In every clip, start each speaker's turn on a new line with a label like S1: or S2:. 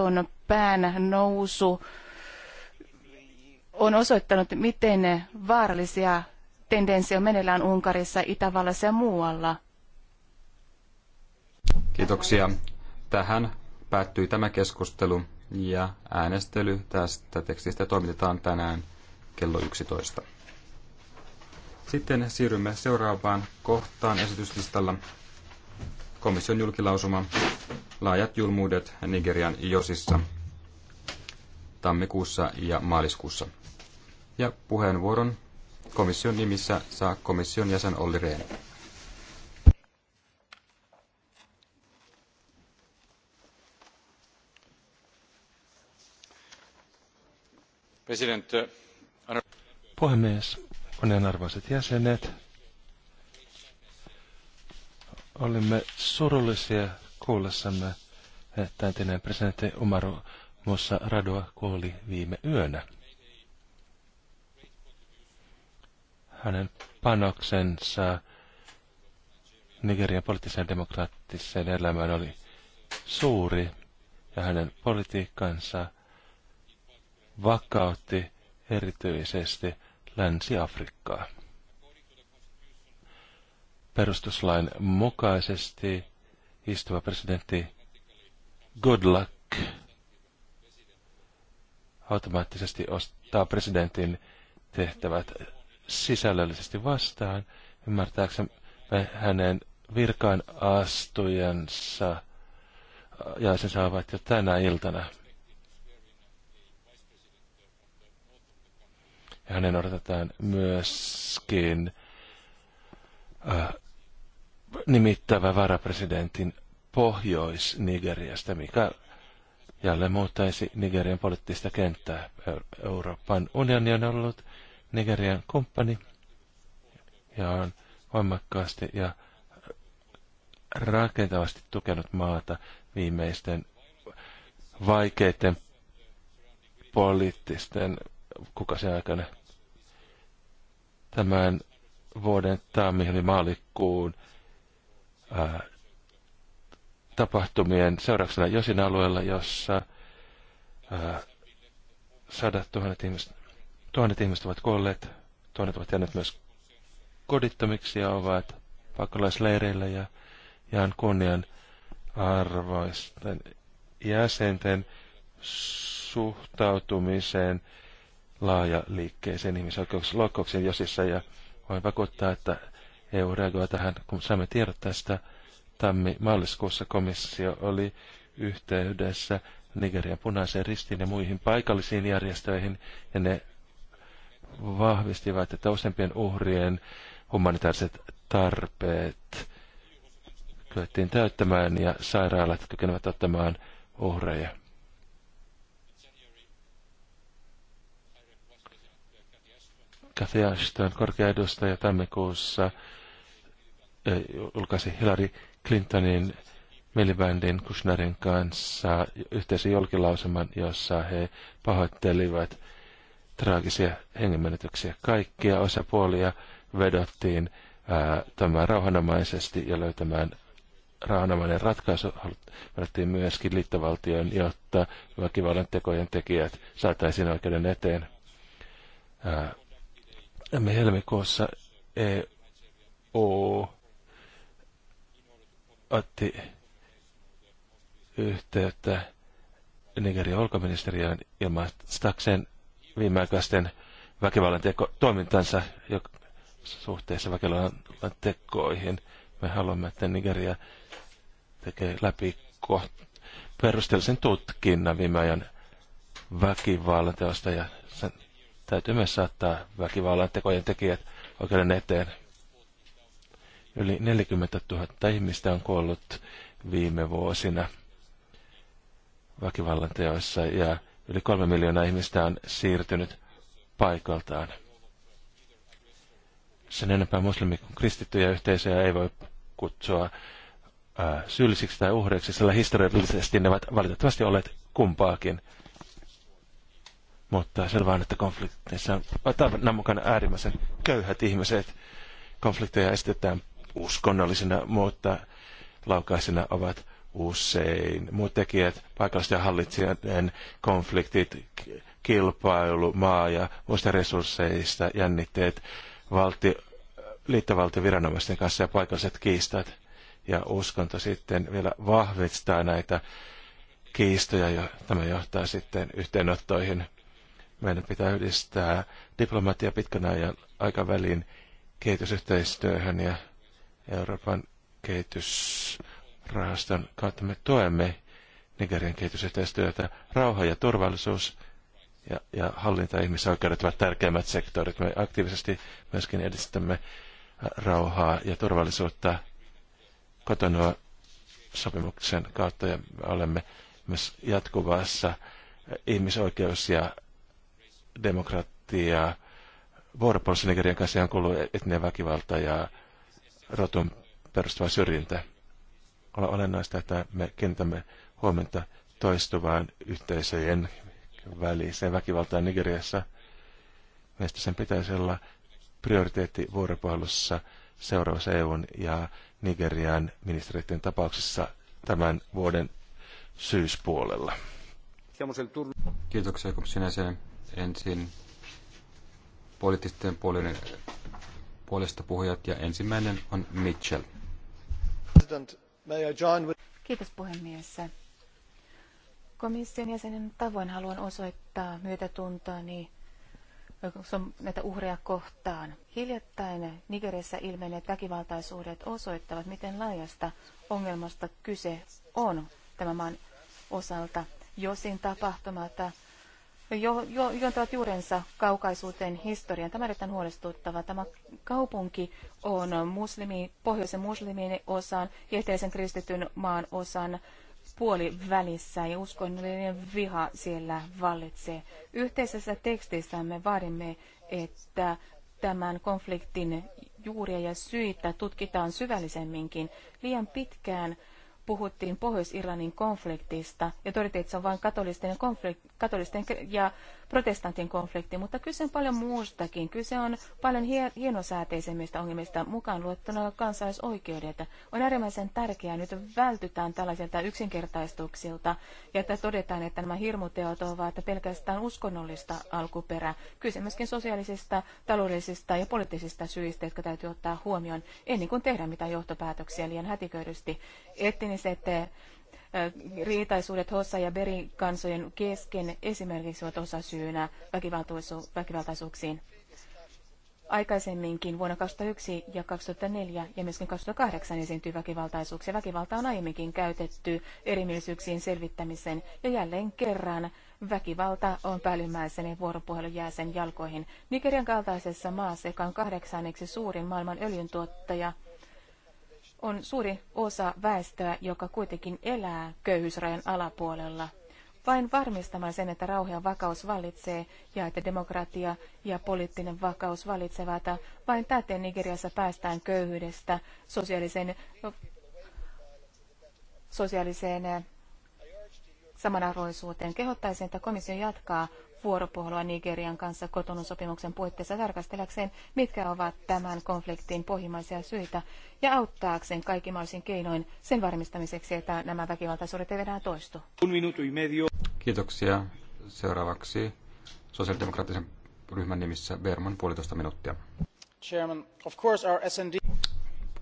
S1: neuvoston pään nousu on osoittanut, miten vaarallisia tendenssejä on meneillään Unkarissa, Itävallassa ja muualla.
S2: Kiitoksia. Tähän päättyi tämä keskustelu ja äänestely tästä tekstistä toimitetaan tänään kello 11. Sitten siirrymme seuraavaan kohtaan esityslistalla komission julkilausuma Laajat julmuudet Nigerian Josissa tammikuussa ja maaliskuussa. Ja puheenvuoron komission nimissä saa komission jäsen Olli Rehn. Uh,
S3: Puhemies, kunnianarvoiset jäsenet, Olimme surullisia kuullessamme, että entinen presidentti Umaru Mossa Radoa kuoli viime yönä. Hänen panoksensa Nigerian poliittiseen demokraattiseen elämään oli suuri ja hänen politiikkansa vakautti erityisesti Länsi-Afrikkaa perustuslain mukaisesti istuva presidentti Good Luck automaattisesti ostaa presidentin tehtävät sisällöllisesti vastaan, ymmärtääkseni hänen virkaan astujensa äh, ja sen saavat jo tänä iltana. Ja hänen odotetaan myöskin äh, nimittävä varapresidentin Pohjois-Nigeriasta, mikä jälleen muuttaisi Nigerian poliittista kenttää. Euroopan unioni on ollut Nigerian kumppani ja on voimakkaasti ja rakentavasti tukenut maata viimeisten vaikeiden poliittisten se aikana. Tämän vuoden tammi- maalikkuun tapahtumien seurauksena Josin alueella, jossa ää, sadat tuhannet ihmiset, tuhannet ihmiset ovat kuolleet, tuhannet ovat jääneet myös kodittomiksi ja ovat pakolaisleireillä ja jaan kunnian arvoisten jäsenten suhtautumiseen laaja liikkeeseen ihmisoikeuksien loukkauksien Josissa ja voin vakuuttaa, että EU reagoi tähän, kun saimme tiedot tästä. Tammi-maaliskuussa komissio oli yhteydessä Nigerian punaiseen ristiin ja muihin paikallisiin järjestöihin, ja ne vahvistivat, että useimpien uhrien humanitaariset tarpeet kyettiin täyttämään ja sairaalat kykenevät ottamaan uhreja. Kathy Ashton, korkea edustaja tammikuussa Eh, julkaisi Hillary Clintonin Milibandin Kushnerin kanssa yhteisen julkilausuman, jossa he pahoittelivat traagisia hengenmenetyksiä. Kaikkia osapuolia vedottiin tämän rauhanomaisesti ja löytämään rauhanomainen ratkaisu. Vedottiin myöskin liittovaltion, jotta väkivallan tekojen tekijät saataisiin oikeuden eteen. Ää, me helmikuussa EU otti yhteyttä Nigerian ulkoministeriöön ilmaistakseen viimeaikaisten väkivallan teko, toimintansa jo suhteessa väkivallan tekoihin. Me haluamme, että Nigeria tekee läpi perusteellisen tutkinnan viime ajan väkivallan teosta ja sen täytyy myös saattaa väkivallan tekojen tekijät oikeuden eteen. Yli 40 000 ihmistä on kuollut viime vuosina väkivallan teoissa ja yli kolme miljoonaa ihmistä on siirtynyt paikaltaan. Sen enempää muslimi kuin kristittyjä yhteisöjä ei voi kutsua ää, syyllisiksi tai uhreiksi, sillä historiallisesti ne ovat valitettavasti olleet kumpaakin. Mutta selvä on, että konfliktissa on mukana äärimmäisen köyhät ihmiset. Konflikteja estetään uskonnollisena, mutta laukaisena ovat usein muut tekijät, paikallisten hallitsijoiden konfliktit, kilpailu, maa ja muista resursseista, jännitteet, valti, viranomaisten kanssa ja paikalliset kiistat. Ja uskonto sitten vielä vahvistaa näitä kiistoja ja tämä johtaa sitten yhteenottoihin. Meidän pitää yhdistää diplomatia pitkän ajan aikavälin kehitysyhteistyöhön ja Euroopan kehitysrahaston kautta me tuemme Nigerian kehitysyhteistyötä. Rauha ja turvallisuus ja, ja hallinta ja ihmisoikeudet ovat tärkeimmät sektorit. Me aktiivisesti myöskin edistämme rauhaa ja turvallisuutta kotonua sopimuksen kautta ja olemme myös jatkuvassa ihmisoikeus- ja demokratia vuoropuolissa Nigerian kanssa on kuuluu etninen väkivalta ja rotun perustuvaa syrjintää. On olennaista, että me kentämme huomenta toistuvaan yhteisöjen väliseen väkivaltaan Nigeriassa. Meistä sen pitäisi olla prioriteetti vuoropuhelussa seuraavassa EUn ja Nigerian ministeriöiden tapauksessa tämän vuoden syyspuolella. Kiitoksia, kun sinä sen ensin
S2: poliittisten puolinen puolesta puhujat ja ensimmäinen on Mitchell.
S1: Kiitos puhemies. Komission jäsenen tavoin haluan osoittaa myötätuntoani näitä uhreja kohtaan. Hiljattain Nigerissä ilmenneet väkivaltaisuudet osoittavat, miten laajasta ongelmasta kyse on tämän maan osalta. Josin tapahtumat jo, jo, juontavat juurensa kaukaisuuteen historian Tämä on erittäin huolestuttava. Tämä kaupunki on muslimi, pohjoisen muslimin osan ja kristityn maan osan puolivälissä ja uskonnollinen viha siellä vallitsee. Yhteisessä tekstissä me vaadimme, että tämän konfliktin juuria ja syitä tutkitaan syvällisemminkin. Liian pitkään puhuttiin Pohjois-Irlannin konfliktista ja todettiin, että se on vain katolisten ja, konflikt- katolisten ja protestantin konflikti, mutta kyse on paljon muustakin. Kyse on paljon hie- hienosääteisemmistä ongelmista mukaan luettuna kansalaisoikeudet. On äärimmäisen tärkeää nyt vältytään tällaisilta yksinkertaistuksilta ja että todetaan, että nämä hirmuteot ovat pelkästään uskonnollista alkuperää. Kyse myöskin sosiaalisista, taloudellisista ja poliittisista syistä, jotka täytyy ottaa huomioon ennen kuin tehdään mitään johtopäätöksiä liian hätiköidysti. Etniset riitaisuudet Hossa ja Berin kansojen kesken esimerkiksi ovat osasyynä väkivaltaisuuksiin. Aikaisemminkin vuonna 2001 ja 2004 ja myöskin 2008 esiintyi väkivaltaisuuksia. Väkivalta on aiemminkin käytetty erimielisyyksien selvittämiseen ja jälleen kerran väkivalta on päällimmäisen vuoropuhelun jäsen jalkoihin. Nigerian kaltaisessa maassa, joka on kahdeksanneksi suurin maailman öljyntuottaja, on suuri osa väestöä, joka kuitenkin elää köyhyysrajan alapuolella. Vain varmistamaan sen, että rauha ja vakaus valitsee, ja että demokratia ja poliittinen vakaus vallitsevat, vain täten Nigeriassa päästään köyhyydestä sosiaaliseen, sosiaaliseen eh, samanarvoisuuteen. Kehottaisin, että komissio jatkaa vuoropuhelua Nigerian kanssa kotonun sopimuksen puitteissa tarkastellakseen, mitkä ovat tämän konfliktin pohjimmaisia syitä ja auttaakseen kaikimaisin mahdollisin keinoin sen varmistamiseksi, että nämä väkivaltaisuudet eivät enää toistu.
S2: Kiitoksia. Seuraavaksi sosiaalidemokraattisen ryhmän nimissä Berman puolitoista minuuttia.
S1: Chairman, of course our SND...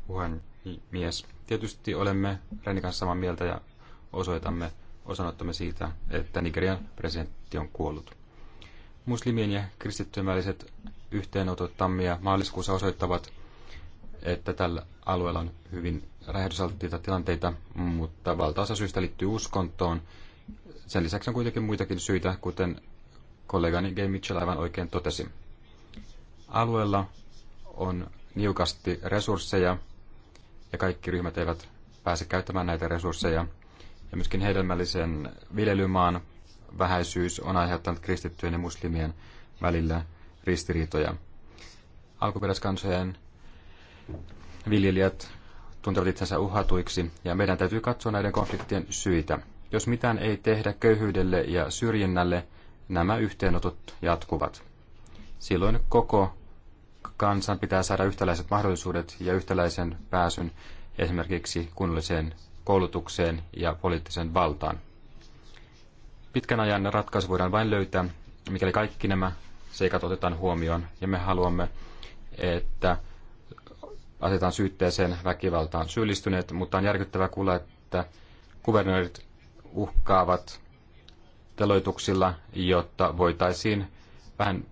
S2: Puhemies. Tietysti olemme Renin kanssa samaa mieltä ja osoitamme osanottomme siitä, että Nigerian presidentti on kuollut. Muslimien ja kristittyjen väliset yhteenotot tammia maaliskuussa osoittavat, että tällä alueella on hyvin räjähdysalttiita tilanteita, mutta valtaosa syystä liittyy uskontoon. Sen lisäksi on kuitenkin muitakin syitä, kuten kollegani Gay Mitchell aivan oikein totesi. Alueella on niukasti resursseja ja kaikki ryhmät eivät pääse käyttämään näitä resursseja. Ja myöskin hedelmällisen viljelymaan vähäisyys on aiheuttanut kristittyjen ja muslimien välillä ristiriitoja. Alkuperäiskansojen viljelijät tuntevat itsensä uhatuiksi ja meidän täytyy katsoa näiden konfliktien syitä. Jos mitään ei tehdä köyhyydelle ja syrjinnälle, nämä yhteenotot jatkuvat. Silloin koko kansan pitää saada yhtäläiset mahdollisuudet ja yhtäläisen pääsyn esimerkiksi kunnalliseen koulutukseen ja poliittiseen valtaan pitkän ajan ratkaisu voidaan vain löytää, mikäli kaikki nämä seikat otetaan huomioon. Ja me haluamme, että asetetaan syytteeseen väkivaltaan syyllistyneet, mutta on järkyttävää kuulla, että kuvernöörit uhkaavat teloituksilla, jotta voitaisiin vähän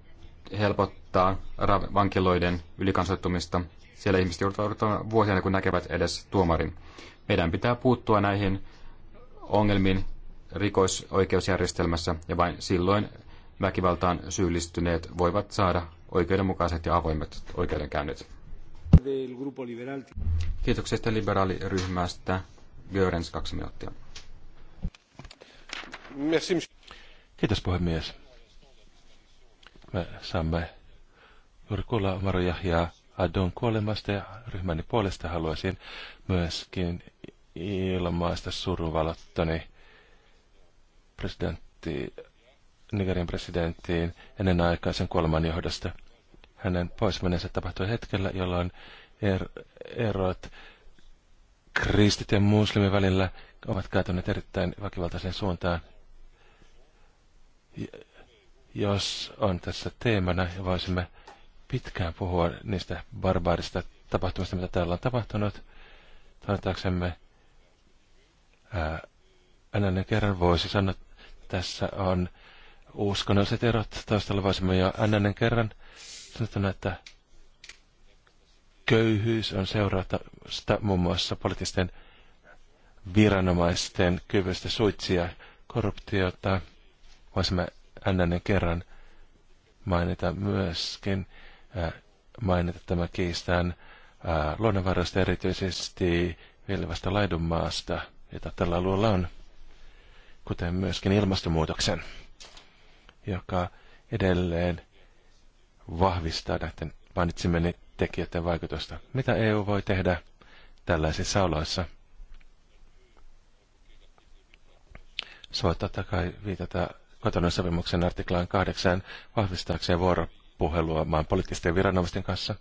S2: helpottaa vankiloiden ylikansoittumista. Siellä ihmiset joutuvat odottamaan vuosia, kun näkevät edes tuomarin. Meidän pitää puuttua näihin ongelmiin rikosoikeusjärjestelmässä ja vain silloin väkivaltaan syyllistyneet voivat saada oikeudenmukaiset ja avoimet oikeudenkäynnit. Kiitoksesta liberaaliryhmästä. Görens, kaksi minuuttia.
S3: Kiitos puhemies. Me saamme juuri kuulla Maru Jahjaa Adon kuolemasta ja ryhmäni puolesta haluaisin myöskin ilmaista surunvalottani presidentti, Nigerin presidenttiin ennen aikaisen kuoleman johdosta. Hänen poismenensä tapahtui hetkellä, jolloin er, erot kristit ja muslimin välillä ovat kaatuneet erittäin väkivaltaiseen suuntaan. Jos on tässä teemana, voisimme pitkään puhua niistä barbaarista tapahtumista, mitä täällä on tapahtunut, toivottaaksemme Ennen kerran voisi sanoa, että tässä on uskonnolliset erot taustalla, voisimme jo NN kerran sanottuna, että köyhyys on seurausta muun muassa poliittisten viranomaisten kyvystä suitsia korruptiota. Voisimme ennen kerran mainita myöskin, äh, mainita tämä kiistään äh, luonnonvaroista erityisesti vilvasta laidunmaasta, jota tällä alueella on kuten myöskin ilmastonmuutoksen, joka edelleen vahvistaa näiden mainitsemieni tekijöiden vaikutusta. Mitä EU voi tehdä tällaisissa oloissa? Se voi totta kai viitata kotonon sopimuksen artiklaan kahdeksan vahvistaakseen vuoropuhelua maan poliittisten viranomaisten kanssa.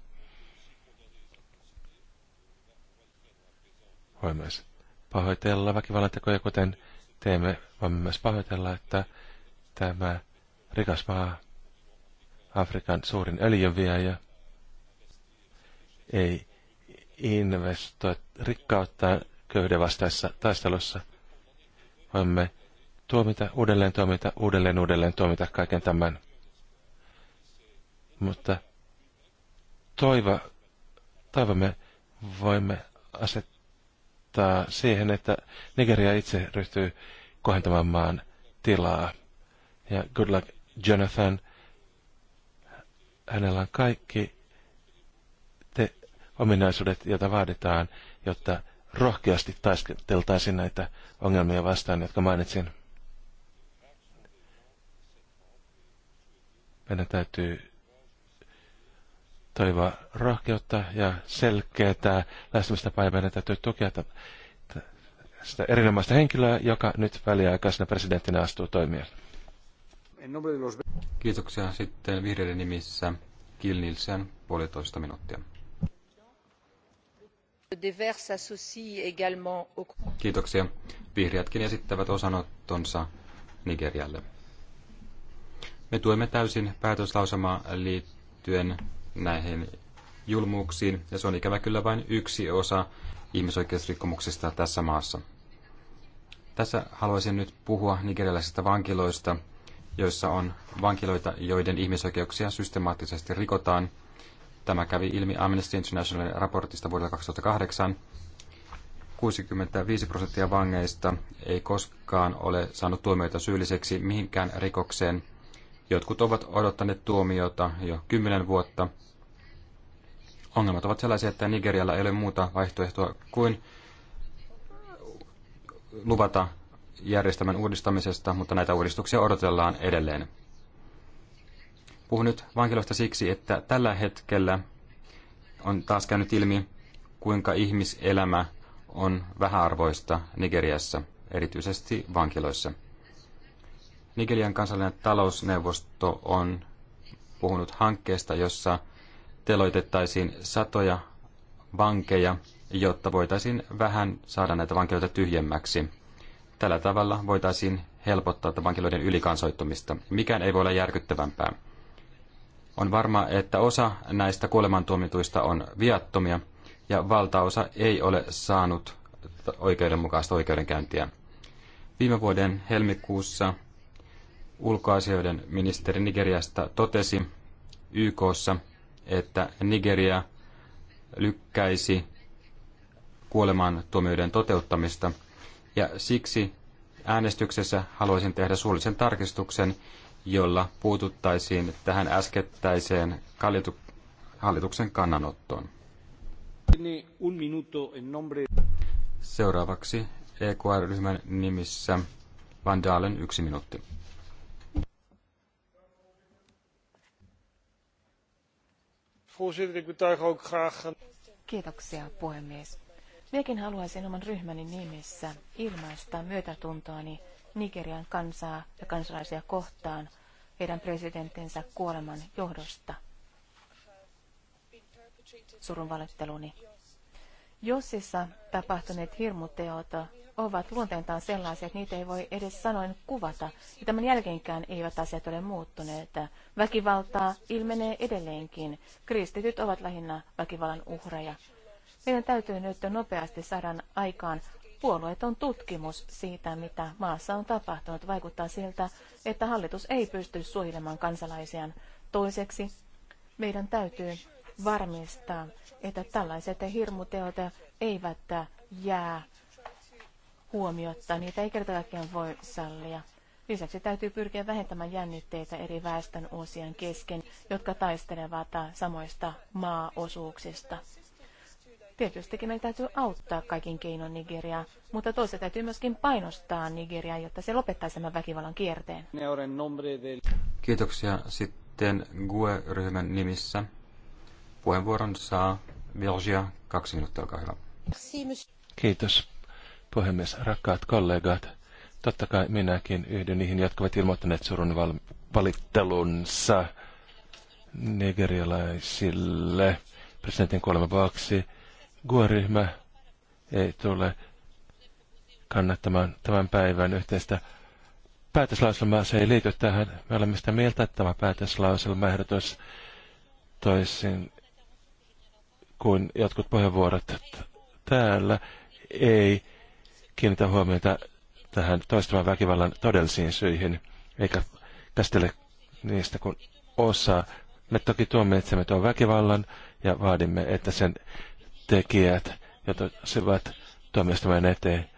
S3: Voi myös pahoitella väkivallantekoja, kuten teemme, voimme myös pahoitella, että tämä rikas maa, Afrikan suurin öljynviejä, ei investoi rikkautta köyden vastaessa taistelussa. Voimme tuomita, uudelleen tuomita, uudelleen uudelleen tuomita kaiken tämän. Mutta toiva, toivomme voimme asettaa johtaa siihen, että Nigeria itse ryhtyy kohentamaan maan tilaa. Ja good luck Jonathan, hänellä on kaikki te ominaisuudet, joita vaaditaan, jotta rohkeasti taisteltaisiin näitä ongelmia vastaan, jotka mainitsin. Meidän täytyy toivoa rohkeutta ja selkeää lähestymistapaa ja täytyy tukea sitä erinomaista henkilöä, joka nyt väliaikaisena presidenttinä astuu toimia.
S2: Kiitoksia sitten vihreiden nimissä Kill Nilsen, puolitoista minuuttia. Kiitoksia. Vihreätkin esittävät osanottonsa Nigerialle. Me tuemme täysin päätöslausamaa liittyen näihin julmuuksiin, ja se on ikävä kyllä vain yksi osa ihmisoikeusrikkomuksista tässä maassa. Tässä haluaisin nyt puhua nigerialaisista vankiloista, joissa on vankiloita, joiden ihmisoikeuksia systemaattisesti rikotaan. Tämä kävi ilmi Amnesty Internationalin raportista vuodelta 2008. 65 prosenttia vangeista ei koskaan ole saanut tuomioita syylliseksi mihinkään rikokseen, Jotkut ovat odottaneet tuomiota jo kymmenen vuotta. Ongelmat ovat sellaisia, että Nigerialla ei ole muuta vaihtoehtoa kuin luvata järjestelmän uudistamisesta, mutta näitä uudistuksia odotellaan edelleen. Puhun nyt vankiloista siksi, että tällä hetkellä on taas käynyt ilmi, kuinka ihmiselämä on vähäarvoista Nigeriassa, erityisesti vankiloissa. Nigerian kansallinen talousneuvosto on puhunut hankkeesta, jossa teloitettaisiin satoja vankeja, jotta voitaisiin vähän saada näitä vankiloita tyhjemmäksi. Tällä tavalla voitaisiin helpottaa vankiloiden ylikansoittumista. Mikään ei voi olla järkyttävämpää. On varma, että osa näistä kuolemantuomituista on viattomia ja valtaosa ei ole saanut oikeudenmukaista oikeudenkäyntiä. Viime vuoden helmikuussa ulkoasioiden ministeri Nigeriasta totesi YKssa, että Nigeria lykkäisi kuolemaan tuomioiden toteuttamista. Ja siksi äänestyksessä haluaisin tehdä suullisen tarkistuksen, jolla puututtaisiin tähän äskettäiseen hallituksen kannanottoon. Seuraavaksi EKR-ryhmän nimissä Van Dalen yksi minuutti.
S1: Kiitoksia, puhemies. Minäkin haluaisin oman ryhmäni nimissä ilmaista myötätuntoani Nigerian kansaa ja kansalaisia kohtaan heidän presidenttinsä kuoleman johdosta. Surun valitteluni. Jossissa tapahtuneet hirmuteot ovat luonteeltaan sellaisia, että niitä ei voi edes sanoen kuvata. Ja tämän jälkeenkään eivät asiat ole muuttuneet. Väkivaltaa ilmenee edelleenkin. Kristityt ovat lähinnä väkivallan uhreja. Meidän täytyy nyt nopeasti saada aikaan puolueeton tutkimus siitä, mitä maassa on tapahtunut. Vaikuttaa siltä, että hallitus ei pysty suojelemaan kansalaisiaan. Toiseksi meidän täytyy varmistaa, että tällaiset hirmuteot eivät jää huomiota. Niitä ei kerta kaikkiaan voi sallia. Lisäksi täytyy pyrkiä vähentämään jännitteitä eri väestön osien kesken, jotka taistelevat samoista maaosuuksista. Tietystikin meidän täytyy auttaa kaikin keinoin Nigeriaa, mutta toisaalta täytyy myöskin painostaa Nigeriaa, jotta se lopettaisi tämän väkivallan kierteen.
S2: Kiitoksia. Sitten GUE-ryhmän nimissä puheenvuoron saa Virgia. Kaksi minuuttia, olkaa hyvä.
S3: Kiitos Puhemies, rakkaat kollegat, totta kai minäkin yhden niihin, jotka ovat ilmoittaneet surun val- valittelunsa nigerialaisille presidentin kuoleman vuoksi. Guo-ryhmä ei tule kannattamaan tämän päivän yhteistä päätöslauselmaa. Se ei liity tähän. Me olemme sitä mieltä, että tämä ehdotus toisin kuin jotkut puheenvuorot täällä ei kiinnitä huomiota tähän toistuvan väkivallan todellisiin syihin, eikä käsitellä niistä kuin osaa. Me toki tuomitsemme tuon väkivallan ja vaadimme, että sen tekijät sivat tuomioistuimen eteen.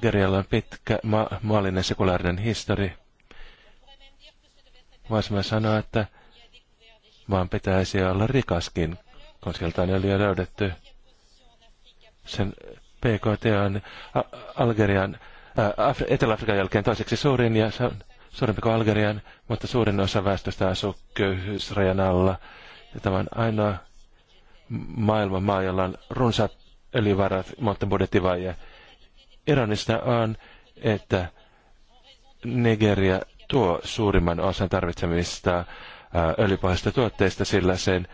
S3: Gerialla on pitkä ma- maallinen sekulaarinen histori. Voisimme sanoa, että vaan pitäisi olla rikaskin, kun sieltä on jo löydetty. Sen PKT on Algerian, Etelä-Afrikan jälkeen toiseksi suurin ja se on suurempi kuin Algerian, mutta suurin osa väestöstä asuu köyhyysrajan alla. Ja tämä on ainoa maailman maa, jolla on runsaat öljyvarat, mutta budjettivaje. Ironista on, että Nigeria tuo suurimman osan tarvitsemista öljypohjaisista tuotteista, sillä sen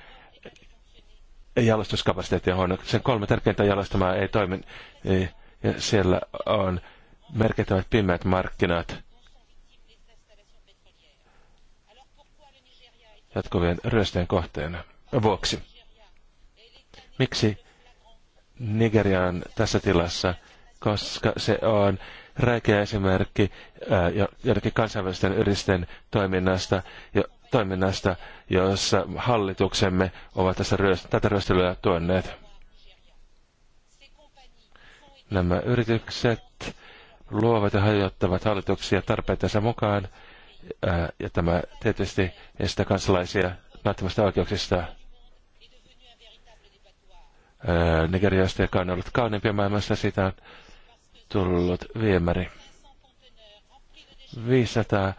S3: jalostuskapasiteetti on huono. Sen kolme tärkeintä jalostamaa ei toimi. E, ja siellä on merkittävät pimeät markkinat jatkuvien ryöstöjen kohteena vuoksi. Miksi Nigeria on tässä tilassa? Koska se on räikeä esimerkki joidenkin kansainvälisten yritysten toiminnasta, toiminnasta, jossa hallituksemme ovat tässä ryöst- tätä ryöstelyä tuonneet. Nämä yritykset luovat ja hajottavat hallituksia tarpeitansa mukaan, ää, ja tämä tietysti estää kansalaisia nauttimasta oikeuksista. Nigeriasta, joka on ollut kauneimpia maailmassa, siitä on tullut viemäri. 500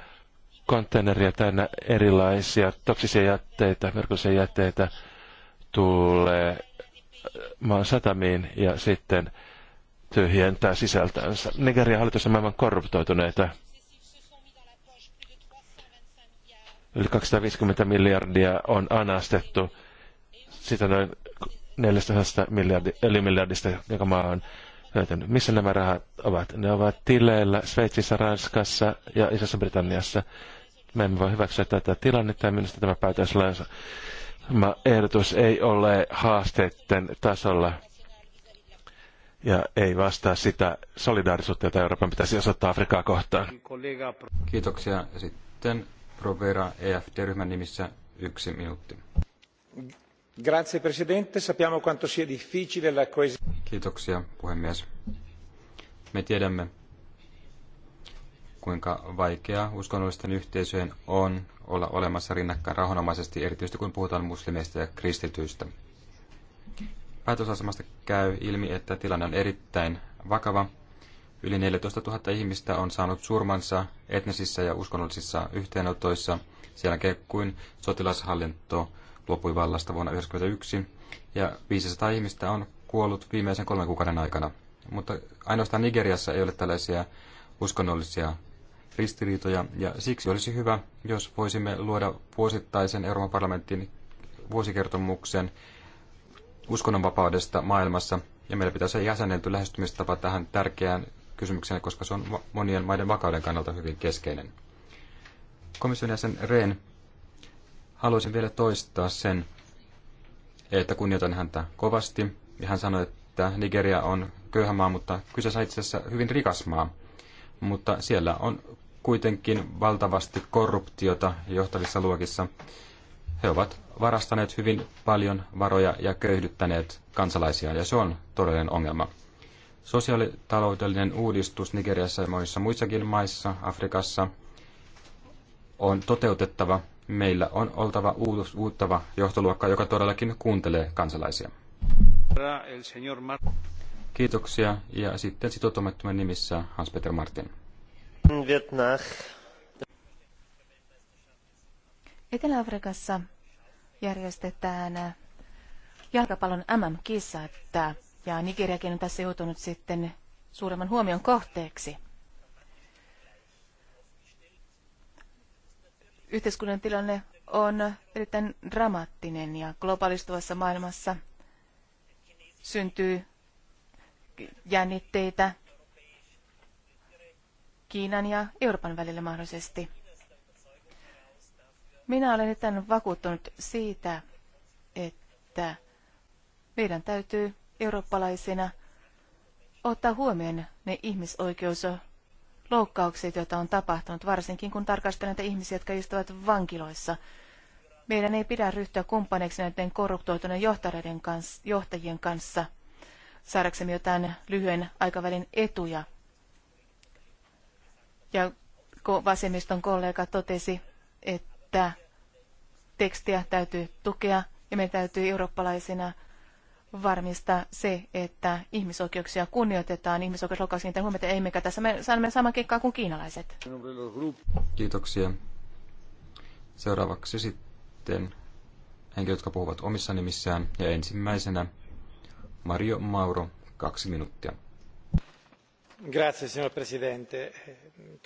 S3: konteineria täynnä erilaisia toksisia jätteitä, myrkyllisiä jätteitä tulee äh, maan satamiin ja sitten tyhjentää sisältänsä. Nigerian hallitus on maailman korruptoituneita. Yli 250 miljardia on anastettu. Sitä noin 400 miljardi, eli miljardista, joka maa on löytänyt. Missä nämä rahat ovat? Ne ovat tileillä Sveitsissä, Ranskassa ja Isossa Britanniassa. Me emme voi hyväksyä tätä tilannetta ja minusta tämä Tämä ehdotus ei ole haasteiden tasolla ja ei vastaa sitä solidaarisuutta, jota Euroopan pitäisi osoittaa Afrikaa kohtaan. Kiitoksia.
S2: Sitten Provera eft ryhmän nimissä yksi minuutti. Grazie Presidente, sappiamo quanto sia difficile la coesione. Kiitoksia puhemies. Me tiedämme, kuinka vaikea uskonnollisten yhteisöjen on olla olemassa rinnakkain rahonomaisesti, erityisesti kun puhutaan muslimeista ja kristityistä. Päätösasemasta käy ilmi, että tilanne on erittäin vakava. Yli 14 000 ihmistä on saanut surmansa etnisissä ja uskonnollisissa yhteenotoissa sen jälkeen, kuin sotilashallinto lopui vallasta vuonna 1991, ja 500 ihmistä on kuollut viimeisen kolmen kuukauden aikana. Mutta ainoastaan Nigeriassa ei ole tällaisia uskonnollisia ristiriitoja, ja siksi olisi hyvä, jos voisimme luoda vuosittaisen Euroopan parlamentin vuosikertomuksen uskonnonvapaudesta maailmassa, ja meillä pitäisi olla jäsennelty lähestymistapa tähän tärkeään kysymykseen, koska se on monien maiden vakauden kannalta hyvin keskeinen. Komission jäsen Rehn, haluaisin vielä toistaa sen, että kunnioitan häntä kovasti, ja hän sanoi, että Nigeria on köyhä maa, mutta kyseessä itse asiassa hyvin rikas maa, mutta siellä on kuitenkin valtavasti korruptiota johtavissa luokissa. He ovat varastaneet hyvin paljon varoja ja köyhdyttäneet kansalaisia, ja se on todellinen ongelma. Sosiaalitaloudellinen uudistus Nigeriassa ja monissa muissakin maissa Afrikassa on toteutettava. Meillä on oltava uuttava johtoluokka, joka todellakin kuuntelee kansalaisia. Kiitoksia ja sitten sitoutumattoman nimissä Hans-Peter Martin.
S1: Etelä-Afrikassa järjestetään jalkapallon MM-kisat ja Nigeriakin on tässä joutunut sitten suuremman huomion kohteeksi. Yhteiskunnan tilanne on erittäin dramaattinen ja globaalistuvassa maailmassa syntyy jännitteitä Kiinan ja Euroopan välillä mahdollisesti. Minä olen erittäin vakuuttunut siitä, että meidän täytyy eurooppalaisina ottaa huomioon ne ihmisoikeusloukkaukset, joita on tapahtunut, varsinkin kun tarkastellaan näitä ihmisiä, jotka istuvat vankiloissa. Meidän ei pidä ryhtyä kumppaneiksi näiden korruptoituneiden johtajien kanssa, johtajien kanssa saadaksemme jotain lyhyen aikavälin etuja – ja vasemmiston kollega totesi, että tekstiä täytyy tukea ja me täytyy eurooppalaisina varmistaa se, että ihmisoikeuksia kunnioitetaan, ihmisoikeusloukkauksiin kiinnitetään huomiota, emmekä tässä me saamme saman kikkaa kuin kiinalaiset.
S2: Kiitoksia. Seuraavaksi sitten henkilöt, jotka puhuvat omissa nimissään, ja ensimmäisenä Mario Mauro, kaksi minuuttia. Grazie, signor presidente.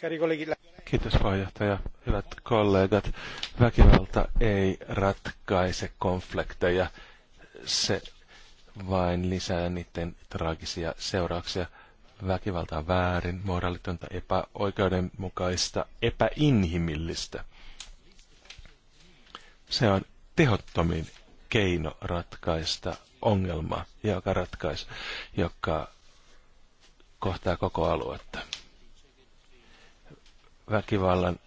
S2: Cari colleghi...
S3: Kiitos puheenjohtaja. Hyvät kollegat, väkivalta ei ratkaise konflikteja. Se vain lisää niiden traagisia seurauksia. Väkivalta on väärin, moraalitonta, epäoikeudenmukaista, epäinhimillistä. Se on tehottomin keino ratkaista ongelma, joka ratkaisi, joka kohtaa koko aluetta. Väkivallan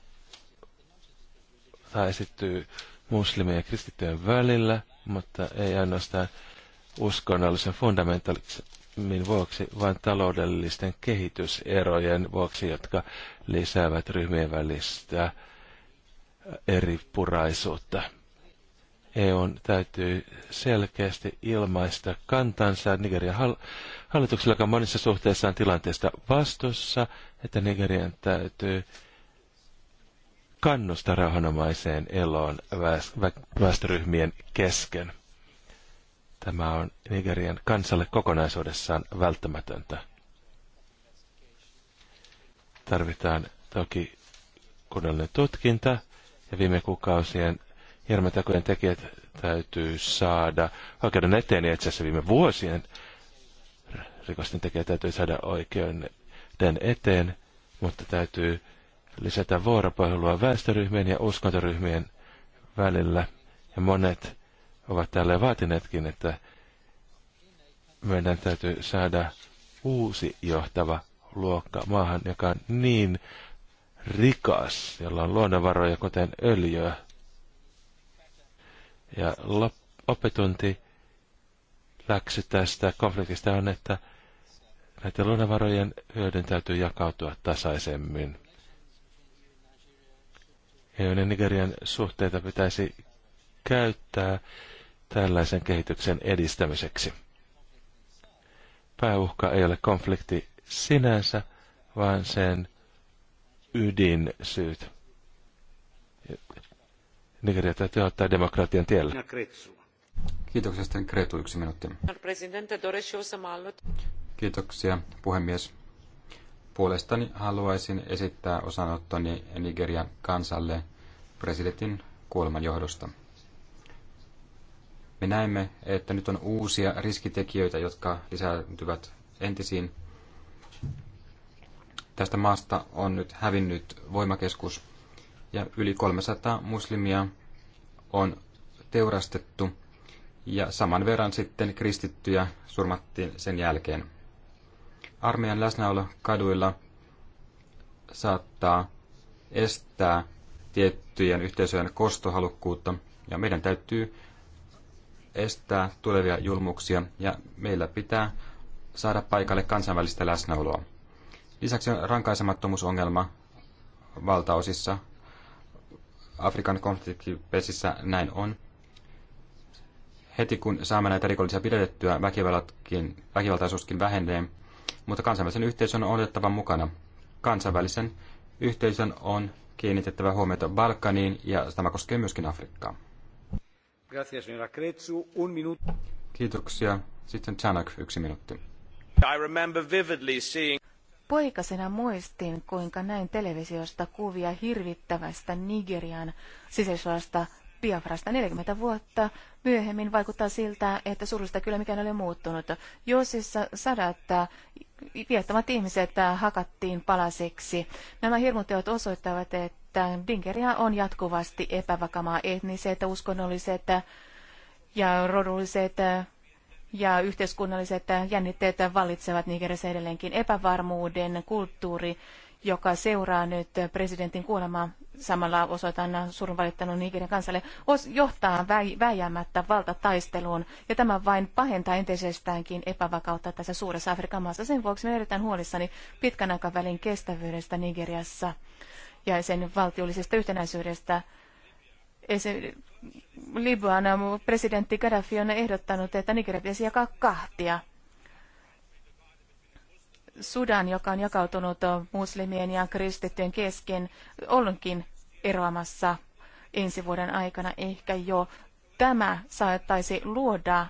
S3: tai esittyy muslimien ja kristittyjen välillä, mutta ei ainoastaan uskonnollisen fundamentalismin vuoksi, vaan taloudellisten kehityserojen vuoksi, jotka lisäävät ryhmien välistä eri puraisuutta. EUn täytyy selkeästi ilmaista kantansa Nigerian hallituksella, joka monissa suhteissa on tilanteesta vastuussa, että Nigerian täytyy kannusta rauhanomaiseen eloon väestöryhmien kesken. Tämä on Nigerian kansalle kokonaisuudessaan välttämätöntä. Tarvitaan toki kunnollinen tutkinta ja viime kuukausien Hirmatekojen tekijät täytyy saada oikeuden eteen, itse asiassa viime vuosien rikosten tekijät täytyy saada oikeuden eteen, mutta täytyy lisätä vuoropuhelua väestöryhmien ja uskontoryhmien välillä. Ja monet ovat täällä vaatineetkin, että meidän täytyy saada uusi johtava luokka maahan, joka on niin rikas, jolla on luonnonvaroja, kuten öljyä, ja opetunti läksy tästä konfliktista on, että näiden luonnonvarojen hyödyn täytyy jakautua tasaisemmin. EUn ja Nigerian suhteita pitäisi käyttää tällaisen kehityksen edistämiseksi. Pääuhka ei ole konflikti sinänsä, vaan sen ydinsyyt. Nigeria täytyy ottaa demokratian
S2: tielle. Kiitoksia sitten Kretu yksi minuutti. Kiitoksia puhemies. Puolestani haluaisin esittää osanottoni Nigerian kansalle presidentin kuoleman johdosta. Me näemme, että nyt on uusia riskitekijöitä, jotka lisääntyvät entisiin. Tästä maasta on nyt hävinnyt voimakeskus ja yli 300 muslimia on teurastettu ja saman verran sitten kristittyjä surmattiin sen jälkeen. Armeijan läsnäolo kaduilla saattaa estää tiettyjen yhteisöjen kostohalukkuutta ja meidän täytyy estää tulevia julmuuksia ja meillä pitää saada paikalle kansainvälistä läsnäoloa. Lisäksi on rankaisemattomuusongelma valtaosissa Afrikan konfliktipesissä näin on. Heti kun saamme näitä rikollisia pidätettyä, väkivaltaisuuskin vähenee, mutta kansainvälisen yhteisön on otettava mukana. Kansainvälisen yhteisön on kiinnitettävä huomiota Balkaniin ja tämä koskee myöskin Afrikkaa. Kiitoksia. Sitten Chanak, yksi minuutti. I remember vividly
S1: seeing... Poikasena muistin, kuinka näin televisiosta kuvia hirvittävästä Nigerian sisäisodasta Biafrasta 40 vuotta myöhemmin vaikuttaa siltä, että surusta kyllä mikään oli ole muuttunut. Joosissa sadat viettämät ihmiset hakattiin palasiksi. Nämä hirmuteot osoittavat, että Dingeria on jatkuvasti epävakamaa etniset, uskonnolliset ja rodulliset ja yhteiskunnalliset jännitteet vallitsevat Nigerissä edelleenkin epävarmuuden kulttuuri, joka seuraa nyt presidentin kuolemaa. Samalla osoitan surun valittanut Nigerin kansalle, johtaa väijämättä valtataisteluun, ja tämä vain pahentaa entisestäänkin epävakautta tässä suuressa Afrikan maassa. Sen vuoksi olen erittäin huolissani pitkän aikavälin kestävyydestä Nigeriassa ja sen valtiollisesta yhtenäisyydestä Libyanan presidentti Gaddafi on ehdottanut, että Nigeria pitäisi jakaa kahtia. Sudan, joka on jakautunut muslimien ja kristittyjen kesken, onkin eroamassa ensi vuoden aikana ehkä jo. Tämä saattaisi luoda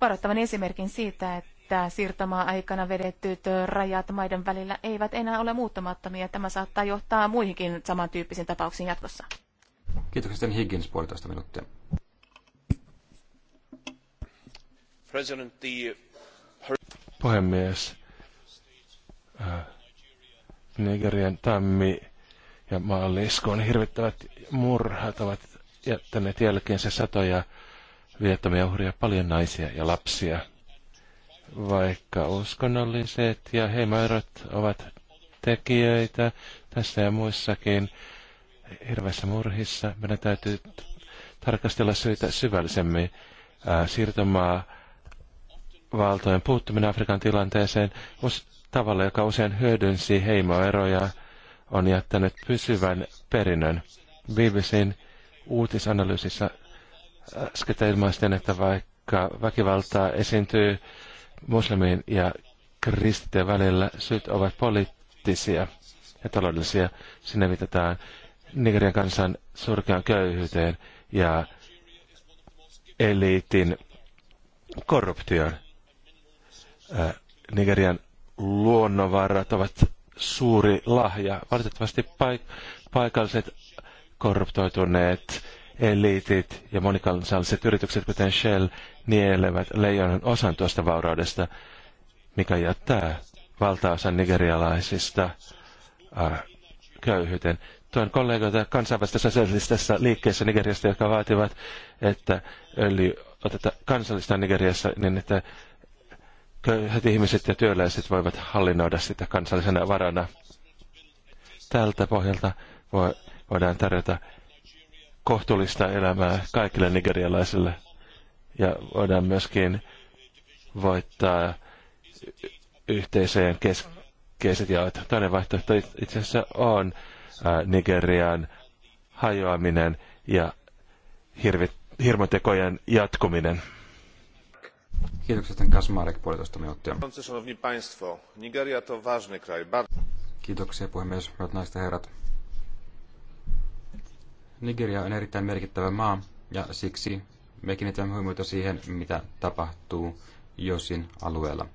S1: varoittavan esimerkin siitä, että siirtomaan aikana vedettyt rajat maiden välillä eivät enää ole muuttamattomia. Tämä saattaa johtaa muihinkin samantyyppisiin tapauksiin jatkossa.
S2: Kiitoksia sitten Higgins puolitoista minuuttia.
S3: Puhemies, äh, Nigerian tammi ja maaliskuun hirvittävät murhat ovat jättäneet jälkeensä satoja viettomia uhria, paljon naisia ja lapsia. Vaikka uskonnolliset ja heimairat ovat tekijöitä tässä ja muissakin hirveissä murhissa. Meidän täytyy tarkastella syitä syvällisemmin. siirtomaa valtojen puuttuminen Afrikan tilanteeseen tavalla, joka usein hyödynsi heimoeroja, on jättänyt pysyvän perinnön. BBCn uutisanalyysissä äsken ilmaisten, että vaikka väkivaltaa esiintyy muslimin ja kristityn välillä, syyt ovat poliittisia ja taloudellisia. Sinne viitataan Nigerian kansan surkean köyhyyteen ja eliitin korruptioon. Nigerian luonnonvarat ovat suuri lahja. Valitettavasti paik- paikalliset korruptoituneet eliitit ja monikansalliset yritykset, kuten Shell, nielevät leijonan osan tuosta vauraudesta, mikä jättää valtaosa nigerialaisista köyhyyteen tuen kollegoita kansainvälisessä sosialistisessa liikkeessä Nigeriasta, jotka vaativat, että öljy otetaan kansallista Nigeriassa niin, että köyhät ihmiset ja työläiset voivat hallinnoida sitä kansallisena varana. Tältä pohjalta voidaan tarjota kohtuullista elämää kaikille nigerialaisille ja voidaan myöskin voittaa yhteisöjen keskeiset jaot. Toinen vaihtoehto itse asiassa on Nigerian hajoaminen ja hirvit, hirmotekojen jatkuminen. Kiitokset, Kasmarek, puolitoista minuuttia. Nigeria to ważny kraj.
S2: Kiitoksia, puhemies, hyvät naiset ja herrat. Nigeria on erittäin merkittävä maa, ja siksi me kiinnitämme huomiota siihen, mitä tapahtuu Josin alueella.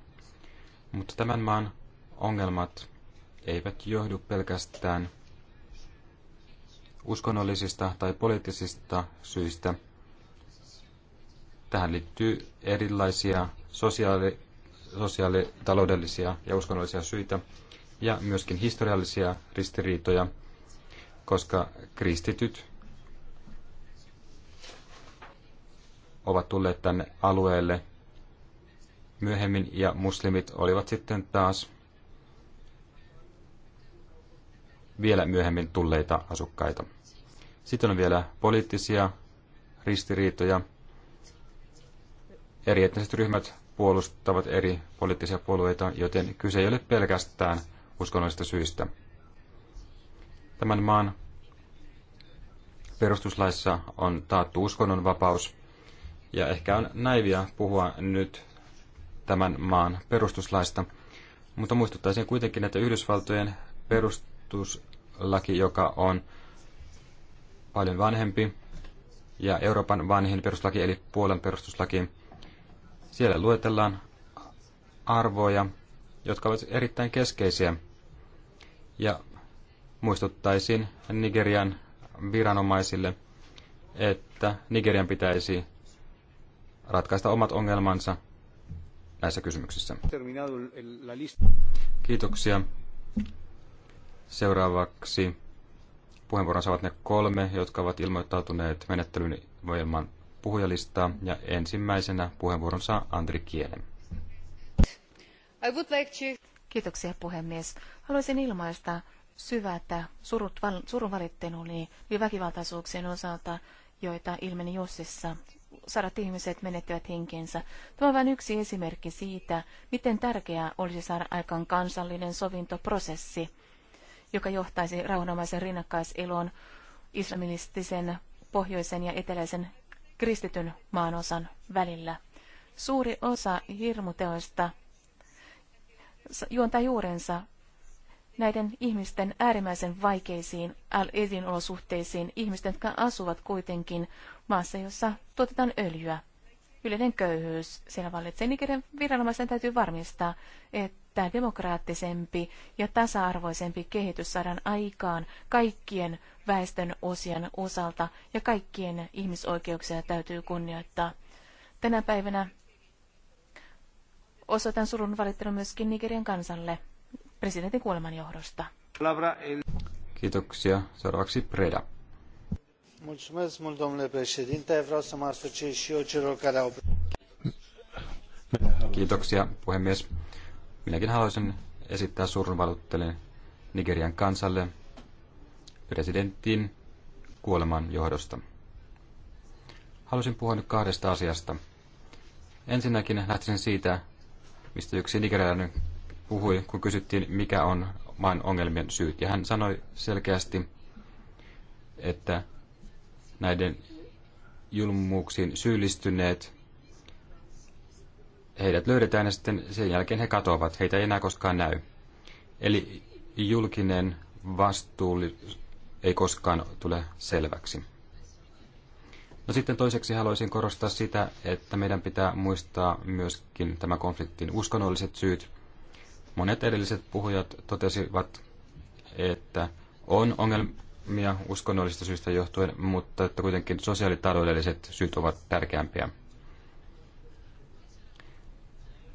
S2: Mutta tämän maan ongelmat eivät johdu pelkästään uskonnollisista tai poliittisista syistä. Tähän liittyy erilaisia sosiaali, sosiaali ja uskonnollisia syitä ja myöskin historiallisia ristiriitoja, koska kristityt ovat tulleet tänne alueelle myöhemmin ja muslimit olivat sitten taas vielä myöhemmin tulleita asukkaita. Sitten on vielä poliittisia ristiriitoja. Eri etniset ryhmät puolustavat eri poliittisia puolueita, joten kyse ei ole pelkästään uskonnollisista syistä. Tämän maan perustuslaissa on taattu uskonnonvapaus, ja ehkä on näiviä puhua nyt tämän maan perustuslaista, mutta muistuttaisin kuitenkin, että Yhdysvaltojen perustuslaista perustuslaki, joka on paljon vanhempi, ja Euroopan vanhin perustuslaki, eli Puolen perustuslaki. Siellä luetellaan arvoja, jotka ovat erittäin keskeisiä. Ja muistuttaisin Nigerian viranomaisille, että Nigerian pitäisi ratkaista omat ongelmansa näissä kysymyksissä. Kiitoksia. Seuraavaksi puheenvuoron saavat ne kolme, jotka ovat ilmoittautuneet menettelyyn voiman puhujalistaa. Ja ensimmäisenä puheenvuoron saa Andri Kielen.
S1: Like to... Kiitoksia puhemies. Haluaisin ilmaista syvätä surut, val, surun valitteluni väkivaltaisuuksien osalta, joita ilmeni Jossissa. Sadat ihmiset menettivät henkensä. Tämä on vain yksi esimerkki siitä, miten tärkeää olisi saada aikaan kansallinen sovintoprosessi joka johtaisi rauhanomaisen rinnakkaiseloon islamistisen pohjoisen ja eteläisen kristityn maanosan välillä. Suuri osa hirmuteoista juontaa juurensa näiden ihmisten äärimmäisen vaikeisiin elinolosuhteisiin, ihmisten, jotka asuvat kuitenkin maassa, jossa tuotetaan öljyä. Yleinen köyhyys siellä vallitsee. Nigerian viranomaisen täytyy varmistaa, että tämä demokraattisempi ja tasa-arvoisempi kehitys saadaan aikaan kaikkien väestön osien osalta ja kaikkien ihmisoikeuksia täytyy kunnioittaa. Tänä päivänä osoitan surun valittelun myöskin Nigerian kansalle presidentin kuoleman johdosta.
S2: Kiitoksia. Seuraavaksi Preda. Kiitoksia, puhemies. Minäkin haluaisin esittää surunvalittelin Nigerian kansalle presidentin kuoleman johdosta. Haluaisin puhua nyt kahdesta asiasta. Ensinnäkin lähtisin siitä, mistä yksi nigerialainen puhui, kun kysyttiin, mikä on maan ongelmien syyt. Ja hän sanoi selkeästi, että näiden julmuuksiin syyllistyneet heidät löydetään ja sitten sen jälkeen he katoavat. Heitä ei enää koskaan näy. Eli julkinen vastuu ei koskaan tule selväksi. No sitten toiseksi haluaisin korostaa sitä, että meidän pitää muistaa myöskin tämä konfliktin uskonnolliset syyt. Monet edelliset puhujat totesivat, että on ongelmia uskonnollisista syistä johtuen, mutta että kuitenkin sosiaalitaloudelliset syyt ovat tärkeämpiä.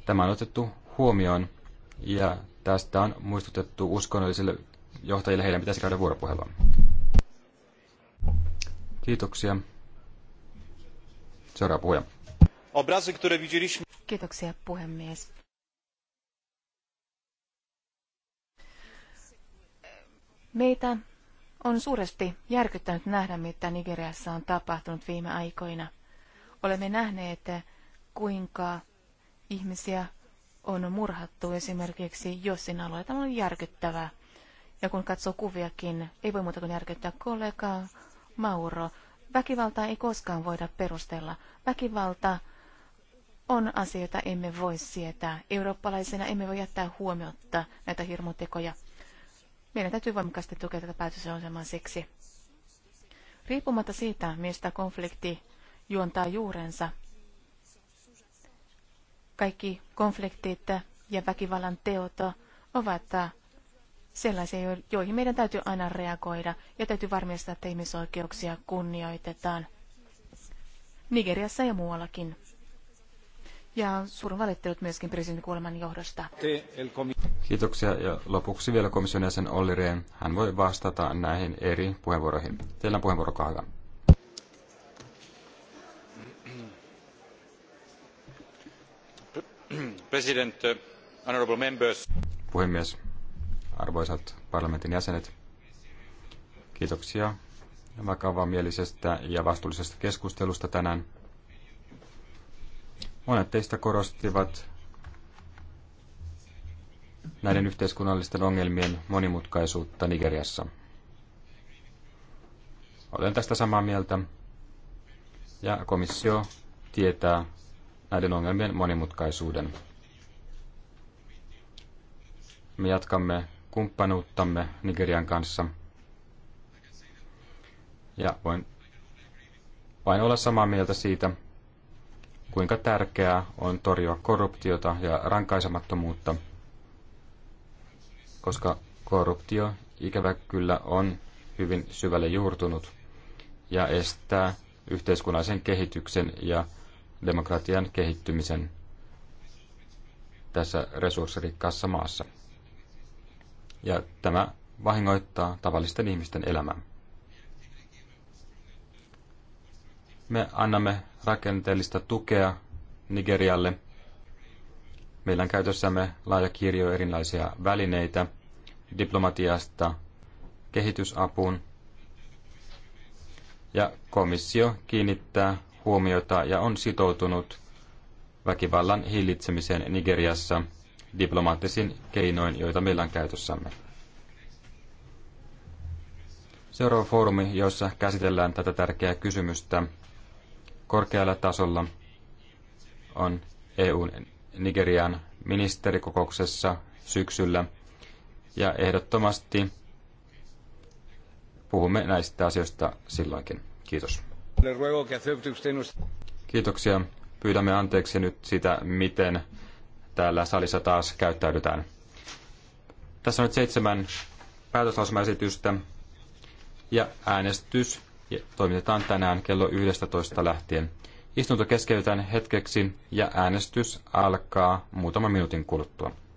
S2: Tämä on otettu huomioon ja tästä on muistutettu uskonnollisille johtajille, heidän pitäisi käydä vuoropuhelua. Kiitoksia. Seuraava puhuja. Obrazy, które widzieliśmy...
S1: Kiitoksia puhemies. Meitä on suuresti järkyttänyt nähdä, mitä Nigeriassa on tapahtunut viime aikoina. Olemme nähneet, kuinka ihmisiä on murhattu esimerkiksi Jossin alueella. Tämä on järkyttävää. Ja kun katsoo kuviakin, ei voi muuta kuin järkyttää kollegaa Mauro. Väkivaltaa ei koskaan voida perustella. Väkivalta on asia, jota emme voi sietää. Eurooppalaisena emme voi jättää huomiotta näitä hirmutekoja. Meidän täytyy voimakkaasti tukea tätä päätösasemaa siksi. Riippumatta siitä, mistä konflikti juontaa juurensa, kaikki konfliktit ja väkivallan teot ovat sellaisia, joihin meidän täytyy aina reagoida ja täytyy varmistaa, että ihmisoikeuksia kunnioitetaan Nigeriassa ja muuallakin. Ja suurin valittelut myöskin presidentin kuoleman johdosta.
S2: Kiitoksia ja lopuksi vielä komission jäsen Olli Rehn. Hän voi vastata näihin eri puheenvuoroihin. Teillä on puheenvuoro kahdella. Puhemies, arvoisat parlamentin jäsenet, kiitoksia vakavamielisestä ja vastuullisesta keskustelusta tänään. Monet teistä korostivat näiden yhteiskunnallisten ongelmien monimutkaisuutta Nigeriassa. Olen tästä samaa mieltä ja komissio tietää näiden ongelmien monimutkaisuuden. Me jatkamme kumppanuuttamme Nigerian kanssa. Ja voin vain olla samaa mieltä siitä, kuinka tärkeää on torjua korruptiota ja rankaisemattomuutta, koska korruptio ikävä kyllä on hyvin syvälle juurtunut ja estää yhteiskunnallisen kehityksen ja demokratian kehittymisen tässä resurssirikkaassa maassa. Ja tämä vahingoittaa tavallisten ihmisten elämää. Me annamme rakenteellista tukea Nigerialle. Meillä on käytössämme laaja kirjo erilaisia välineitä diplomatiasta kehitysapuun. Ja komissio kiinnittää huomiota ja on sitoutunut väkivallan hillitsemiseen Nigeriassa diplomaattisin keinoin, joita meillä on käytössämme. Seuraava foorumi, jossa käsitellään tätä tärkeää kysymystä korkealla tasolla, on EUn Nigerian ministerikokouksessa syksyllä. Ja ehdottomasti puhumme näistä asioista silloinkin. Kiitos. Kiitoksia. Pyydämme anteeksi nyt sitä, miten täällä salissa taas käyttäydytään. Tässä on nyt seitsemän päätöslausumaesitystä ja äänestys toimitetaan tänään kello 11 lähtien. Istunto keskeytetään hetkeksi ja äänestys alkaa muutaman minuutin kuluttua.